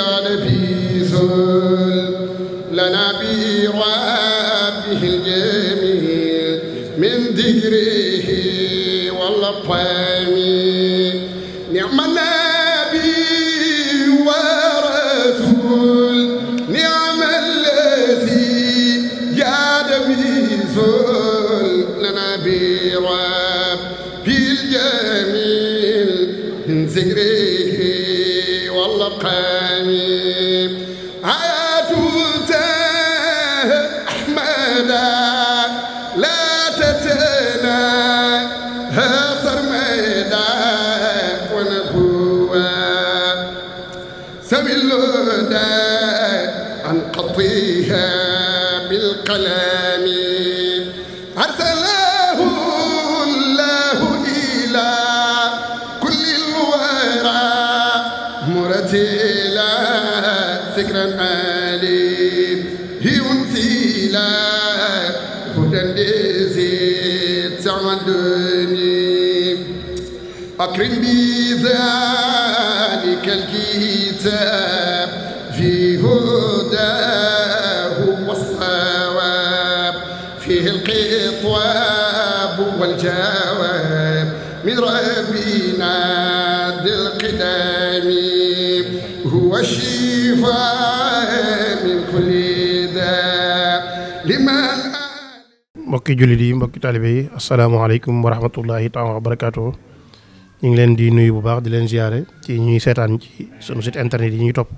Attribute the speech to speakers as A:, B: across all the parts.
A: الرجال في سل لنا به رآب به الجميل من ذكره واللطف أنقضيها بالقلم أرسله الله إلى كل الورى مرتلا ذكرا أليم ينزيلا هدى لزيد تعمدني أكرم بذلك الكتاب والجواب من ربنا ذي القدام هو الشفاء من كل داء لمن
B: mbokki jullit yi mbokki taalibe yi asalaamaaleykum wa rahmatullahi wa barakaatu ñu ngi leen di nuyu bu baax di leen ziare ci ñuy seetaan ci sunu site internet yi ñuy topp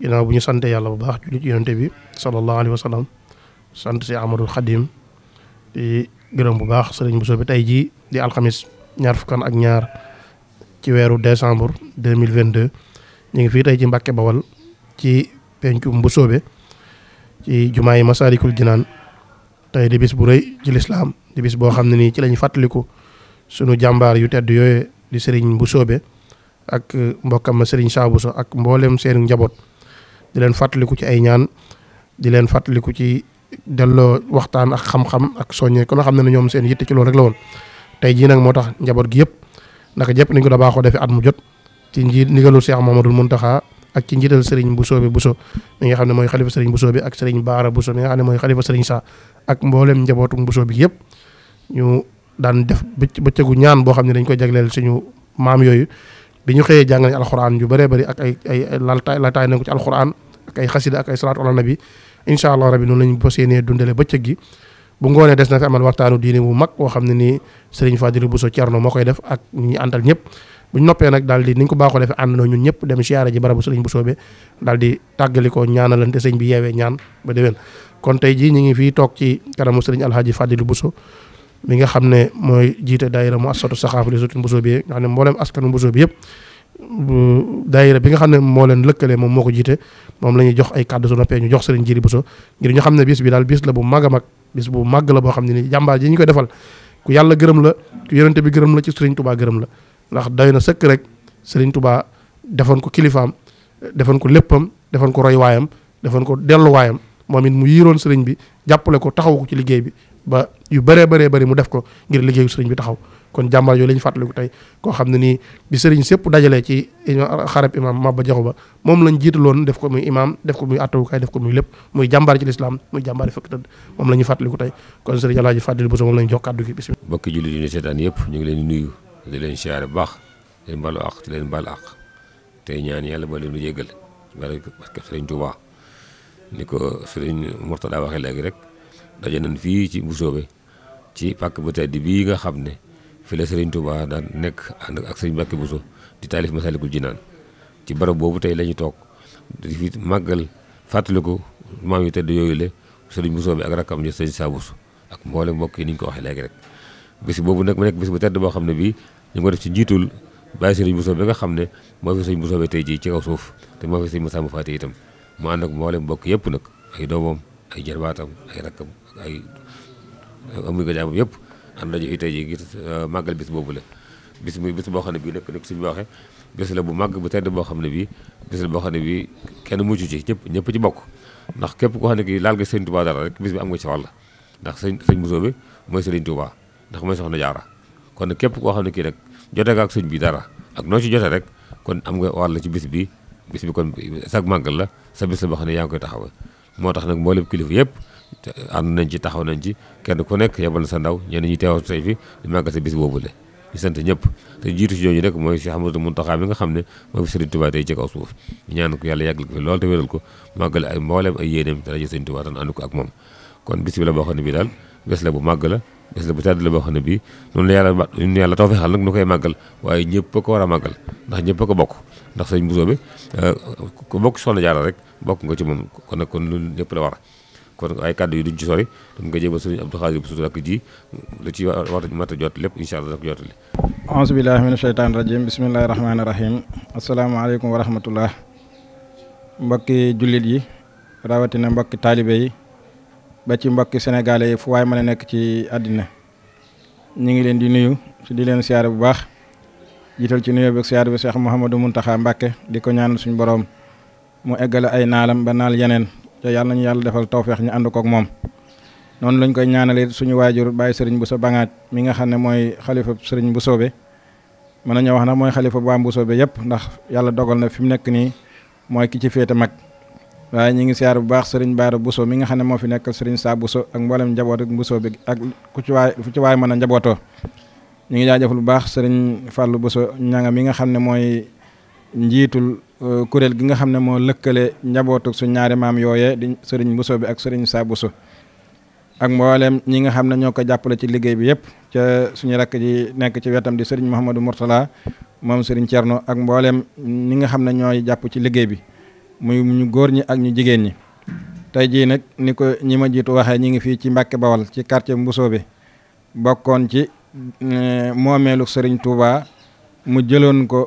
B: ginnaaw bu ñu sante yàlla bu baax jullit yonente bi sallallahu alayhi wa sallam sant si Ahmadul Xadim gërëm bu baax sëriñ Bousso bi tey jii di alxamis ñaar fukkan ak ñaar ci weeru décembre deux mille vingt deux ñu ngi fii tey ci Mbàkke Bawal ci pencum Bousso bi ci jumaa yi Masaalikul Jinaan tey di bis bu rëy ci lislaam di bis boo xam ne nii ci lañuy fàttaliku sunu jàmbaar yu tedd yooye di sëriñ Bousso bi ak mbokkam ma sëriñ Saa so ak mboolem seenu njaboot di leen fàttaliku ci ay ñaan di leen fàttaliku ci delloo waxtaan ak xam-xam ak soññee ko nga xam ne ne ñoom seen yitte ci loolu rek la woon tey jii nag moo tax njaboot gi yëpp naka jëpp niñ ko da baaxoo defee at mu jot ci njiit ndigalul Cheikh Mamadou Mountakha ak ci njiital Serigne Bousso bi Bousso mi nga xam ne mooy xalifa Serigne Bousso bi ak Serigne Baara Bousso mi nga xam ne mooy xalifa Serigne Sa ak mboolem njabootu Bousso bi yëpp ñu daan def bëccëgu ñaan boo xam ne dañ koy jagleel suñu maam yooyu bi ñu xëyee jàng nañ alxuraan yu bëree bëri ak ay ay laltaay laltaay nañ ko ci alxuraan ak ay xasida ak ay bi incha allah rabi noonu la ñu dundale bëccëg gi bu ngoonee des na fi amal waxtaanu diine bu mag boo xam ne nii Serigne Fadilou Bousso Thierno moo koy def ak ñi àndal ñëpp buñ noppee nag daal di niñ ko baaxoo defee ànd na ñun ñëpp dem siyaare ji barabu Serigne Bousso bi daal di tàggalikoo ñaanalante sëñ bi yeewee ñaan ba déwén kon tey jii ñu ngi fii toog ci kanamu Serigne Alhaji Fadilou Bousso mi nga xam ne mooy jiite daayira mu asatu saxaafu li sutin Bousso bi nga xam ne mboolem askanu Bousso bi yëpp daayira bi nga xam ne moo leen lëkkale moom moo ko jiite moom lañuy jox ay kàddu su noppee ñu jox sëriñ bu so ngir ñu xam ne bis bi daal bis la bu mag a mag bis bu màgg la boo xam ne ni jàmbaar ji ñu koy defal ku yàlla gërëm la ku yonente bi gërëm la ci sëriñ Touba gërëm la ndax day na sëkk rek sëriñ Touba defoon ko kilifaam defoon ko léppam defoon ko roy waayam defoon ko delluwaayam moom it mu yiiroon sëriñ bi jàppale ko taxaw ko ci liggéey bi ba yu bëree bëree bëri mu def ko ngir liggéeyu sëriñ bi taxaw kon jàmbaar yooyu la ñu fàttaliku tey koo xam ne nii bi sëriñ sépp dajalee ci xarab imam Maba Jaxu Ba moom lañ jiitaloon def ko muy imam def ko muy attawukaay def ko muy lépp muy jàmbaar ci lislaam muy jàmbaar yi moom la ñu fàttaliku tey kon sëriñ Alaaji Fàdil Buso moom la ñu jox kàddu gi bismillah
C: mbokki jullit yi leen di nuyu ñaan yàlla ba leen lu yéggal parce que sëriñ ni ko sëriñ Murtada waxee léegi rek daje nañ fii ci Mbusoobe ci pàkk bu tedd bii nga xam ne fi la Serigne Touba daan nekk ànd ak sëñ Mbacke Bousso di taalif Masalikul Jinaan ci barab boobu tey la ñu toog di fi màggal fàttaliku maam yu tedd yooyu la Serigne Bousso bi ak rakkam ñu sëñ Saa Bousso ak mboolem mbokk yi ni ñu ko waxee léegi rek bis boobu nag mu nekk bis bu tedd boo xam ne bii ñu ko def si njiitul bàyyi Serigne Bousso bi nga xam ne moo fi sëñ Bousso bi tey jii ci kaw suuf te moo fi sëñ mu Faty itam mu ànd ak mboolem bokk yépp nag ay doomam ay jarbaatam ay rakkam ay amuy ko jaamam yëpp am nañu fi tey jii ngir euh, màggal bis boobu la bis muy bis boo xam ne bii nekk nag suñu waxee bis la bu màgg bu tedd boo xam ne bii bis la boo xam ne kenn mucc ci ñëpp ñëpp ci bokk ndax képp koo xam ne kii laal nga sëñ Touba dara rek bis bi am nga ci wàll ndax sëñ sëñ Bousso bi mooy sëriñ Touba ndax mooy soxna jaara kon nag képp koo xam ne kii rek jote nga ak suñ bi dara ak noo ci jote rek kon am nga la ci bis bi bis bi kon sag màggal la sa bis la boo xam ne yaa ngi koy taxaw moo tax nag mboolem kilifa yëpp ànd nañ ci taxaw nañ ci kenn ku nekk yebal na sa ndaw ñenn ñi teewal tey fi di bis boobule ñu sant ñëpp te jiitu si ñooñu rek mooy Cheikh Amadou Mountakha mi nga xam ne mooy fi Serigne Touba tey ci kaw suuf ñaan ko yàlla yàggal ko fi lool te wéral ko ak moom kon bis bi la boo xam ne bii daal bés la bu màgg la bés la bu tedd la boo xam ne bii noonu la yàlla ñun yàlla tawfeexal nag nu koy màggal waaye ñëpp a ko war a màggal ndax ñëpp a ko bokk ndax sëñ Bousso bi euh, ko bokk soxna jaara rek bokk nga ci moom kon nag kon loolu ñëpp la war kon ay kàddu yi duñ ci sori dañ ko jébbal sëriñ a jot lépp incha allah dak jotali
D: aousu billahi mina sheytaani rajim bismillahi rahmaani rahim asalaamaaleykum wa rahmatullah mbokki jullit yi rawatina mbokki taalibe yi ba ci mbokki sénégalais yi fu waay mën a nekk ci àddina ñu ngi leen di nuyu si di leen siyaare bu baax jiital ci nuyoo bi siyaare bi Cheikh Mouhamadou Mountakha Mbacké di ko ñaanal suñu boroom mu eggale ay naalam ba naal yeneen te yàlla nañu yàlla defal tawfeex ñu ànd kook moom noonu lañ koy ñaanale suñu waajur bàyyi sëriñ Bousso Bangaaj mi nga xam ne mooy xalifa sëriñ Bousso bi mën nañoo wax nag mooy xalifa bu am Bousso bi yëpp ndax yàlla dogal na fi mu nekk nii mooy ki ci féete mag waaye ñi ngi siyaar bu baax sëriñ Baara Bousso mi nga xam ne moo fi nekkal sëriñ Saa Bousso ak mboolem njaboot ak Bousso bi ak ku ci waay ku ci a njabootoo ñu ngi bu baax sëriñ Fallou Bousso ñanga mi nga xam ne mooy njiitul Euh, kuréel gi nga xam ne moo lëkkale njabootu su ñaari maam yooyee di sëriñ Bousso bi ak sëriñ Saa Bousso ak mbooleem ñi nga xam ne ñoo ko jàppale ci liggéey bi yëpp ca suñu rakk ji nekk ci wetam di sëriñ Mouhamadou Mourtala moom sëriñ Thierno ak mbooleem ñi nga xam ne ñooy jàpp ci liggéey bi muy ñu góor ñi ak ñu jigéen ñi. tey jii nag ni ko ñi ma jiitu waxee ñi ngi fii ci Mbàkke Bawal ci quartier Mbuso bi bokkoon ci euh, moomeelu sëriñ Touba mu jëloon ko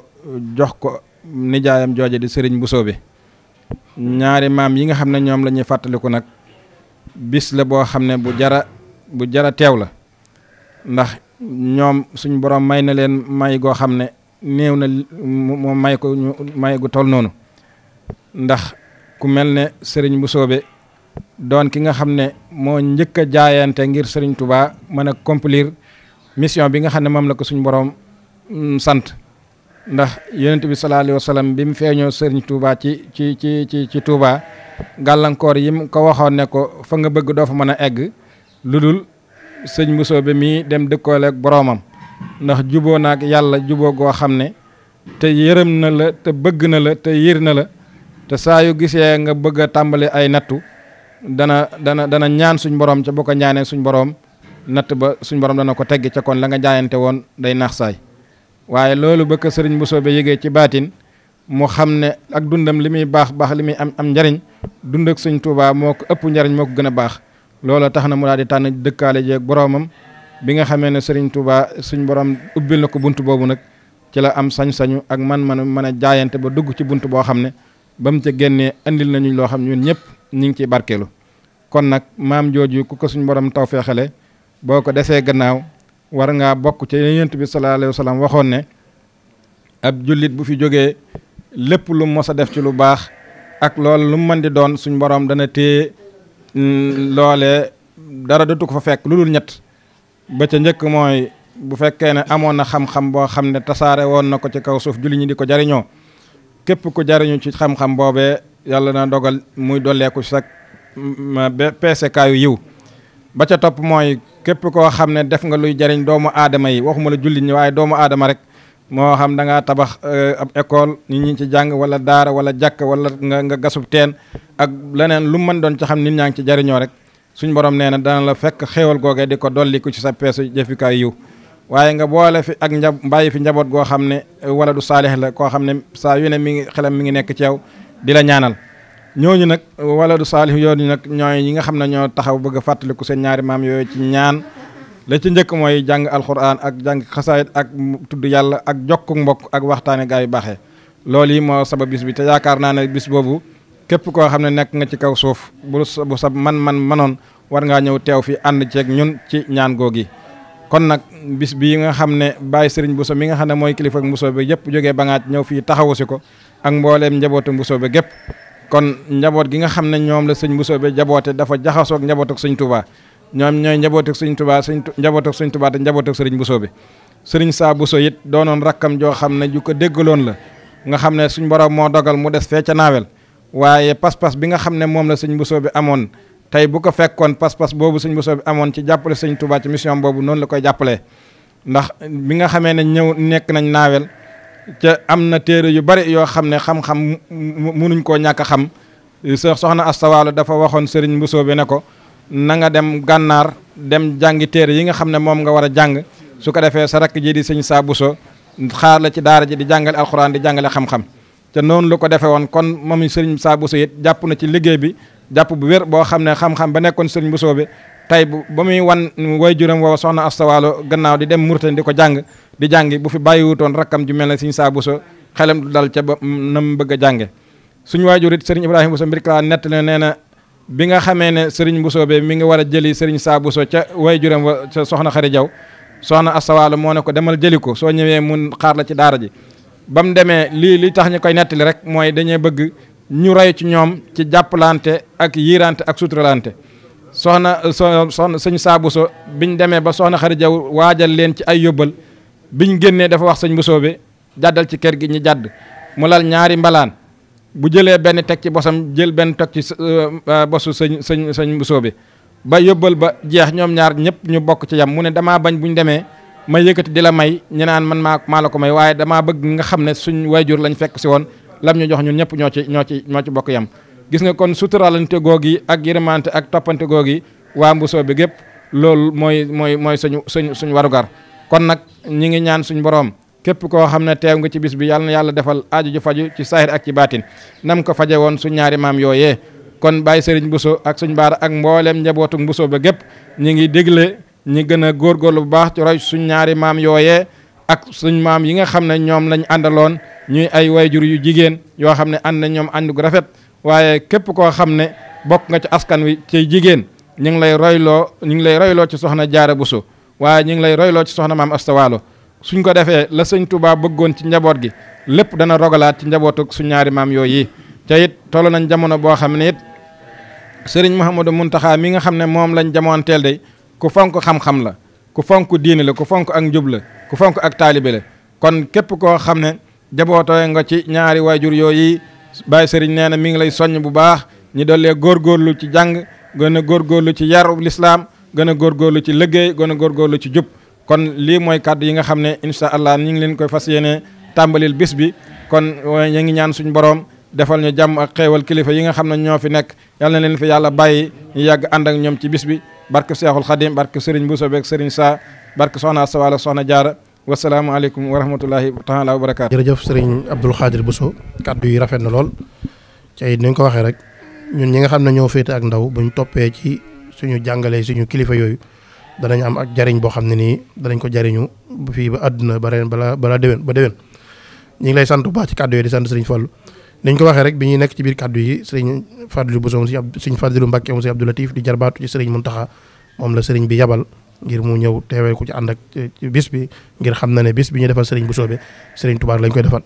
D: jox ko. nijaayam jooje di sëriñ Mbusoobe ñaari maam yi nga xam ne ñoom lañuy fàttaliku nag bis la boo xam ne bu jara bu jara teew la ndax ñoom suñ boroom may na leen may goo xam ne néew na moom may ko may gu toll noonu ndax ku mel ne sëriñ Mbusoobe doon ki nga xam ne moo njëkk a jaayante ngir sëriñ tubaa mën a accomplir mission bi nga xam ne moom la ko suñ boroom mm, sant ndax yonent bi sallallahu alayhi bi mu feeñoo sëriñ Touba ci ci ci ci ci Touba gàllankoor yi mu ko waxoon ne ko fa nga bëgg doo fa mën a egg lu dul sëñ Mousso bi mii dem dëkkoole ak boroomam ndax juboo naag yàlla juboo goo xam ne te yërëm na la te bëgg na la te yër na la te saa yu gisee nga bëgg a tàmbali ay nattu dana dana dana ñaan suñ borom ca bu ko ñaanee suñ borom natt ba suñ borom dana ko tegg ca kon la nga jaayante woon day naax saay waaye loolu ba ko sëriñ Bousso ba yëgee ci baatin mu xam ne ak dundam li muy baax baax li muy am am njariñ dund ak sëñ Tuubaa moo ko ëpp njariñ moo ko gën a baax loola tax na mu daal di tànn dëkkaale jeeg boroomam bi nga xamee ne sëriñ Tuubaa suñ borom ubbil na ko bunt boobu nag ci la am sañ-sañu ak man-man mën a jaayante ba dugg ci bunt boo xam ne ba mu ca génnee andil nañu loo xam ñun ñëpp ñu ngi ciy barkeelu kon nag maam jooju ku ko suñ borom tawfeexale boo ko desee gannaaw war ngaa bokk ca yonent bi sallallahu alayhi waxoon ne ab jullit bu fi jógee lépp lu mos a def ci lu baax ak loolu lu mu di doon suñ borom dana téye mm, loole dara dootu ko fa fekk lu dul ñett ba ca njëkk mooy bu fekkee ne amoon na xam-xam boo xam ne tasaare woon na ko ci kaw suuf julli ñi di ko jariñoo képp ko jariñu ci xam-xam boobee yàlla naa dogal muy dolleeku sa mm, peesekaayu yiw ba ca topp mooy képp koo xam ne def nga luy jariñ doomu aadama yi waxuma la julli ñi waaye doomu aadama rek moo xam da ngaa tabax euh, ab école nit ñi ci jàng wala daara wala jàkk wala nga nga gasub teen ak leneen lu mën doon ca xam nit ñaa ngi ci jariñoo rek suñ borom nee na dana la fekk xéewal googee di ko dolli ku ci sa peesu jëfikaay yiw waaye nga boole fi ak njab bàyyi fi njaboot goo xam ne euh, wala du saalix la koo xam ne saa yu ne mi ngi xelam mi ngi nekk ci yow di la ñaanal ñooñu nag wala du yoon yooyu nag ñooy ñi nga xam ne ñoo taxaw bëgg a fàttaliku seen ñaari maam yooyu ci ñaan la ci njëkk mooy jàng alxuraan ak jàng xasaayit ak tudd yàlla ak jokku mbokk ak waxtaane gaa yu baaxee loolu yi moo sabab bis bi te yaakaar naa ne bis boobu képp koo xam ne nekk nga ci kaw suuf bu sab man man manoon war ngaa ñëw teew fii ànd ceeg ñun ci ñaan googi kon nag bis bii nga xam ne bàyyi Baye Serigne Bousso mi nga xam ne mooy kilifa ak Mbousso bi yëpp jógee ba ngaat fii taxawu si ko ak njabootu Mbousso bi gépp kon njaboot gi nga xam ne ñoom la sëñ Bousso be jaboote dafa jaxasoo ak njaboot sëñ Touba ñoom ñooy njaboot ak sëñ Touba sëñ njaboot ak sëñ Touba te sëriñ bi sëriñ saa Bousso it doonoon rakkam joo xam ne ju ko déggaloon la nga xam ne suñ borom moo dogal mu des fee ca naawel waaye pas bi nga xam ne moom la sëñ Bousso bi amoon tey bu ko fekkoon pas-pas boobu sëñ Bousso bi amoon ci jàppale sëñ Touba ci mission boobu noon la koy jàppalee ndax bi nga xamee ne ñëw nekk nañ naaweel ca am na téere yu bari yoo xam ne xam-xam munuñ koo ñàkk a xam soxna astawaalo dafa waxoon sëriñ Mbuso bi ne ko na nga dem gànnaar dem jàngi téere yi nga xam ne moom nga war a jàng su ko defee sa rakk ji di sëñ saa Buso xaar ci daara ji di jàngale alxuraan di jàngale xam-xam te noonu lu ko defee woon kon moom sëriñ saa Buso jàpp na ci liggéey bi jàpp bu wér boo xam ne xam-xam ba nekkoon sëriñ Buso tey bu ba muy wan way juram woowa soxna astawaalo gannaaw di dem murtan di ko jàng di jàngi bu fi bàyyiwutoon rakkam ju mel ne saabu saabuso xelam du dal ca ba nam bëgg a jànge suñu waajur it sëriñ ibrahima buso mbirka nett ne nee na bi nga xamee ne sëriñ buso be mi ngi war a jëli sëriñ saabuso ca way juram wa ca soxna xari jaw soxna astawaalo moo ne ko demal jëli ko soo ñëwee mun xaar la ci daara ji ba mu demee lii li tax ñu koy nettali rek mooy dañuy bëgg ñu roy ci ñoom ci jàppalante ak yiirante ak suturalante soxna soxna sëñ saabuso biñ demee ba soxna xari jaw waajal leen ci ay yóbbal biñ génnee dafa wax sëñ busoo bi jàddal ci kër gi ñu jàdd mu lal ñaari mbalaan bu jëlee benn teg ci bosam jël benn teg ci euh, euh, bosu sëñ sëñ sëñ busoo bi ba yóbbal ba jeex ñoom ñaar ñëpp ñu bokk ci yam mu ne damaa bañ buñ demee ma yëkkati di la may ñu man maa maa la ko may waaye damaa bëgg nga xam ne suñ wayjur lañ fekk si woon lam ñu jox ñun ñëpp ñoo ci ñoo ci ñoo ci bokk yam gis nga kon suturaalante goog yi ak yërmante ak toppante goog yi waa Mbusoo bi gépp loolu mooy mooy mooy suñu suñ suñ warugar kon nag ñi ngi ñaan suñ borom képp koo xam ne teew nga ci bis bi yàlla na yàlla defal aaju ju faju ci saahir ak ci baatin nam ko faje woon suñ ñaari maam yooyee kon Baye Serigne Bousso ak suñ baara ak mbooleem njabootu Mbusoo ba gépp ñi ngi dégle ñi gën a góorgóorlu bu baax ci roy suñ ñaari maam yooyee ak suñ maam yi nga xam ne ñoom lañu àndaloon ñuy ay wayjur yu jigéen yoo xam ne ànd na ñoom ànd gu rafet waaye képp koo xam ne bokk nga ci askan wi ci jigéen ñu ngi lay royloo ñu ngi lay royloo ci soxna jaare bu Buso waaye ñu ngi lay royloo ci soxna maam Asta Waalo suñ ko defee la sëñ Touba bëggoon ci njaboot gi lépp dana rogalaat ci njabootu su ñaari maam yooyu te it toll nañ jamono boo xam ne it sëriñ Mouhamadou Mountakha mi nga xam ne moom lañ jamoonteel de ku fonk xam-xam la ku fonk diini la ku fonk ak njub la ku fonk ak taalibe la kon képp koo xam ne jabootoo nga ci ñaari waajur yooyu Baye Serigne nee na mi ngi lay soññ bu baax ñu góor góorlu ci jàng gën a góorlu ci yaru lislaam gën a góorgóorlu ci liggéey gën a góorgóorlu ci jub kon lii mooy kàddu yi nga xam ne incha allah ñu ngi leen koy fas yéene tàmbalil bis bi kon ñu ngi ñaan suñu borom defal ñu jàmm ak xeewal kilifa yi nga xam ne ñoo fi nekk yal na leen fi yàlla bàyyi ñu yàgg ànd ak ñoom ci bis bi barke Seexul Xadim barke Serigne Bousso beek Serigne Sa barke Soxna Sawala Soxna Jaara wasalaamaaleykum wa rahmatulahi taala wa barakaatu.
B: jërëjëf sëriñ Abdul Xaadir so kàddu yi rafet na lool te it ni ko waxee rek ñun ñi nga xam ne ñoo féete ak ndaw buñ toppee ci suñu jàngalee suñu kilifa yooyu danañ am ak jariñ boo xam ne nii danañ ko jariñu fii ba àdduna ba ren balaa balaa déwén ba déwén. ñu ngi lay sant bu baax ci kàddu yi di sant sëriñ Fallu niñ ko waxee rek bi ñuy nekk ci biir kàddu yi sëriñ Fadilu Bousso moom sëriñ Fadilu Mbàkke moom sëriñ Abdou Latif di jarbaatu ci sëriñ Muntaxa moom la seriñ bi yabal ngir mu ñëw teewee ku ci ànd ak bis bi ngir xam na ne bis bi ñu defal seriñ bu soobee sëriñ Tuubaa lañ koy defal.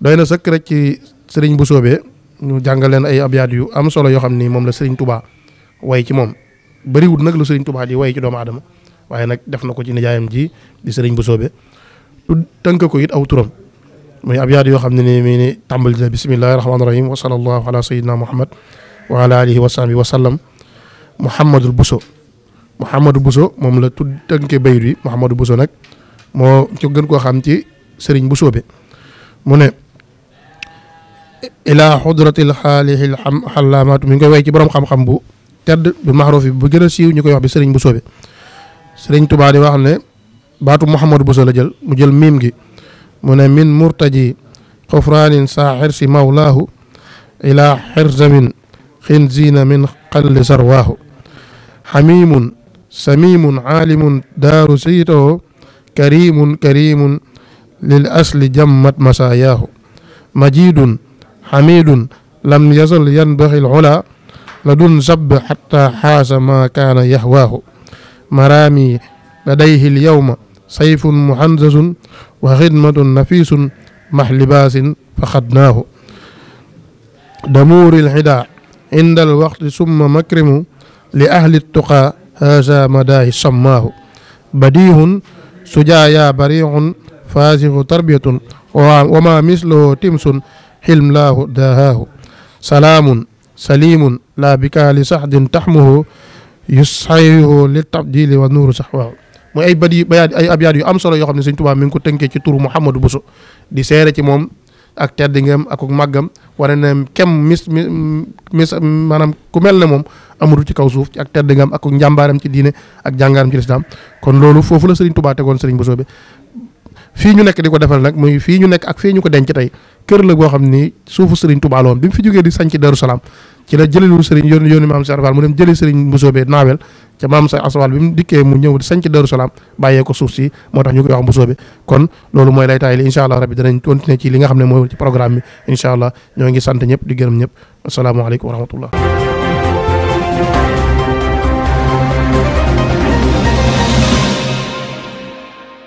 B: doy na sëkk rek ci sëriñ bu soobee ñu jàngal leen ay abyaat yu am solo yoo xam ni moom la sëriñ Tuubaa way ci moom bëriwul nag lu sëriñ tubaa di way ci doomu aadama waaye nag def na ko ci nijaayam ji di sëriñ bu soobee du tënk ko it aw turam muy abyaat yoo xam ne ni mi ni tàmbali na bismillahi rahmaani rahim wa sallallahu ala sayyidina muhammad wa ala alihi wa sahbihi wa sallam muhammadul buso Mouhamadou buso moom la tudd tënkee bayit wi Mouhamadou Bousso nag moo ci gën koo xam ci sëriñ Bousso bi mu ne ilaa xudratil xaalihil xam xalaamaatu mi ngi koy way ci borom xam-xam bu tedd bu maxroof bu gën a siiw ñu koy wax bi sëriñ Bousso bi sëriñ Tuubaa wax ne baatu Mouhamadou Bousso la jël mu jël miim gi mu ne min murtaji xufraanin saa xirsi mawlaahu ilaa xirsamin xinziina min qalli sarwaahu xamiimun samimun aalimun daaru sayitoo karimun karimun lil asli jammat masaayaahu majidun xamidun lam yasal yanbaxil xula la dun sab xata xaasa maa kaana yaxwaahu maraami ladayhi lyawma sayfun muhanzasun wa xidmatun nafisun max libaasin fa xadnaahu damuuri lxidaa inda alwaqti summa makrimu li ahli tuqaa haza madahi sammaahu badihun sujaaya bariun faasihu tarbiyatun wa ma mislahu timsun xilmlaahu dahaahu salaamun salimun laa bikaali saxdin taxmuhu yusxayhu li tabdili wa nuuru saxwaahu mooy ay badi bayaat ay abyaat yu xam ne Sëñ Tuubaa mi ngi ci turu Mouhamadou Bousso di seere ci moom ak tedd ngam ak màggam wane na kem mis mis maanaam ku mel ne moom amatu ci kaw suuf ak tedd ngam ak njàmbaaram ci diine ak jàngaaram ci lislaam kon loolu foofu la Serigne Touba tegoon Serigne Bousso bi fii ñu nekk di ko defal nag muy fii ñu nekk ak fii ñu ko denc tey kër la goo xam ni suufu Serigne Touba la bi mu fi jógee di sanc Darou Salaam ci la jëlelu sëriñ yoon yooni maam Cheikh Fall mu dem jëlee sëriñ Mbusoobe naawel ca maam Cheikh mu dikkee mu ñëw sanc Daaru Salaam bàyyee ko suuf si moo tax ñu koy wax Mbusoobe kon loolu mooy lay taay li incha allah rabbi danañ continuer ci li nga xam ne mooy ci programme bi incha allah ñoo ngi sant ñëpp di gërëm ñëpp asalaamaaleykum wa rahmatullah